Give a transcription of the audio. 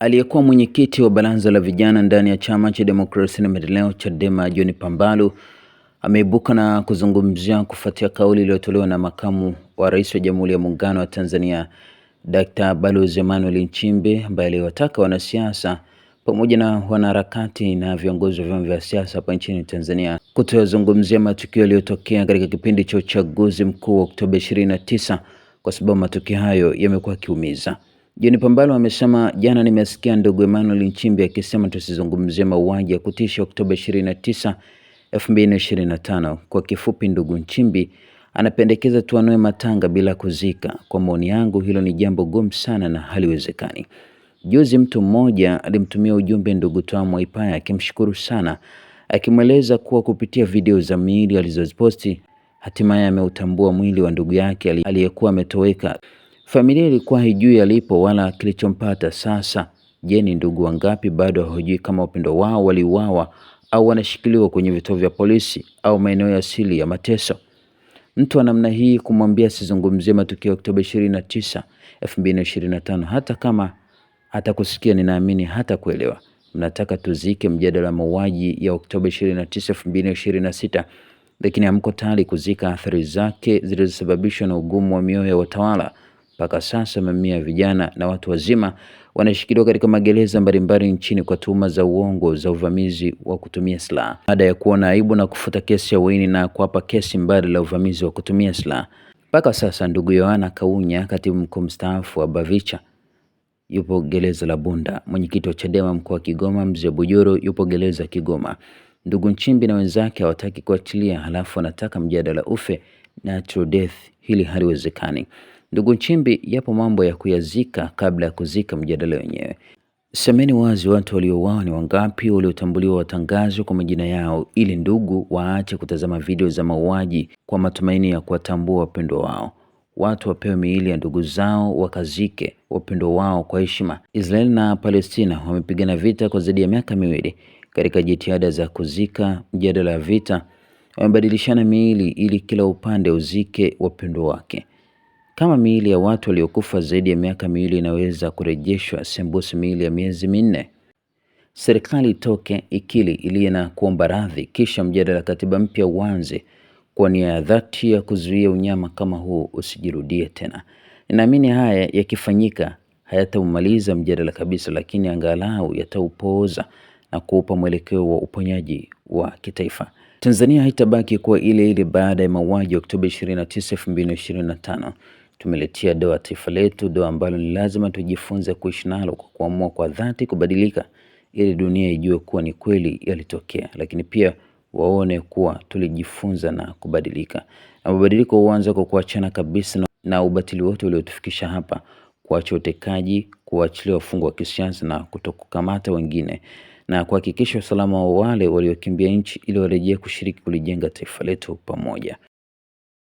Aliyekuwa mwenyekiti wa baraza la vijana ndani ya chama cha demokrasia na maendeleo Chadema, John Pambalu ameibuka na kuzungumzia kufuatia kauli iliyotolewa na makamu wa rais wa Jamhuri ya Muungano wa Tanzania d Balozi Emmanuel Nchimbi ambaye aliwataka wanasiasa pamoja na wanaharakati na viongozi wa vyama vya siasa hapa nchini Tanzania kutoyazungumzia matukio yaliyotokea katika kipindi cha uchaguzi mkuu wa Oktoba 29 kwa sababu matukio hayo yamekuwa yakiumiza John Pambalo amesema jana, nimesikia ndugu Emmanuel Nchimbi akisema tusizungumzie mauaji ya kutisha Oktoba 29, 2025. Kwa kifupi, ndugu Nchimbi anapendekeza tuanoe matanga bila kuzika. Kwa maoni yangu, hilo ni jambo gumu sana na haliwezekani. Juzi mtu mmoja alimtumia ujumbe ndugu Tom Waipaya akimshukuru sana, akimweleza kuwa kupitia video za miili alizoziposti hatimaye ameutambua mwili wa ndugu yake aliyekuwa ametoweka. Familia ilikuwa haijui alipo wala kilichompata sasa. Je, ni ndugu wangapi bado hawajui kama wapendo wao waliuawa au wanashikiliwa kwenye vituo vya polisi au maeneo ya asili ya mateso? Mtu wa namna hii kumwambia asizungumzie matukio ya Oktoba 29, 2025 hata kama atakusikia, ninaamini hata kuelewa. Mnataka tuzike mjadala mauaji ya Oktoba 29, 2026, lakini hamko tayari kuzika athari zake zilizosababishwa na ugumu wa mioyo ya watawala. Mpaka sasa mamia ya vijana na watu wazima wanashikiliwa katika magereza mbalimbali nchini kwa tuhuma za uongo za uvamizi wa kutumia silaha baada ya kuona aibu na kufuta kesi ya uhaini na kuapa kesi mbali la uvamizi wa kutumia silaha. Mpaka sasa ndugu Yohana Kaunya, katibu mkuu mstaafu wa Bavicha, yupo gereza la Bunda. Mwenyekiti wa Chadema mkoa wa Kigoma Mzee Bujoro yupo gereza Kigoma. Ndugu Nchimbi na wenzake hawataki kuachilia, halafu wanataka mjadala ufe natural death. Hili haliwezekani. Ndugu Nchimbi, yapo mambo ya kuyazika kabla ya kuzika mjadala wenyewe. Semeni wazi, watu waliouawa ni wangapi? Waliotambuliwa watangazwe kwa majina yao, ili ndugu waache kutazama video za mauaji kwa matumaini ya kuwatambua wapendwa wao. Watu wapewe miili ya ndugu zao wakazike wapendwa wao kwa heshima. Israeli na Palestina wamepigana vita kwa zaidi ya miaka miwili. Katika jitihada za kuzika mjadala wa vita, wamebadilishana miili ili kila upande uzike wapendwa wake. Kama miili ya watu waliokufa zaidi ya miaka miwili inaweza kurejeshwa, sembuse miili ya miezi minne. Serikali itoke ikili iliye na kuomba radhi, kisha mjadala katiba mpya uanze kwa nia ya dhati ya kuzuia unyama kama huu usijirudie tena. Ninaamini haya yakifanyika hayataumaliza mjadala kabisa, lakini angalau yataupooza na kuupa mwelekeo wa uponyaji wa kitaifa. Tanzania haitabaki kuwa ile ile baada ya mauaji ya Oktoba 29, 2025 tumeletia doa taifa letu, doa ambalo ni lazima tujifunze kuishi nalo kwa kuamua kwa dhati kubadilika, ili dunia ijue kuwa ni kweli yalitokea, lakini pia waone kuwa tulijifunza na kubadilika. Na mabadiliko huanza kwa kuachana kabisa na, ubatili wote uliotufikisha hapa, kuacha utekaji, kuachilia wafungwa wa kisiasa na kutokukamata wengine, na kuhakikisha usalama wa wale waliokimbia nchi ili warejee kushiriki kulijenga taifa letu pamoja.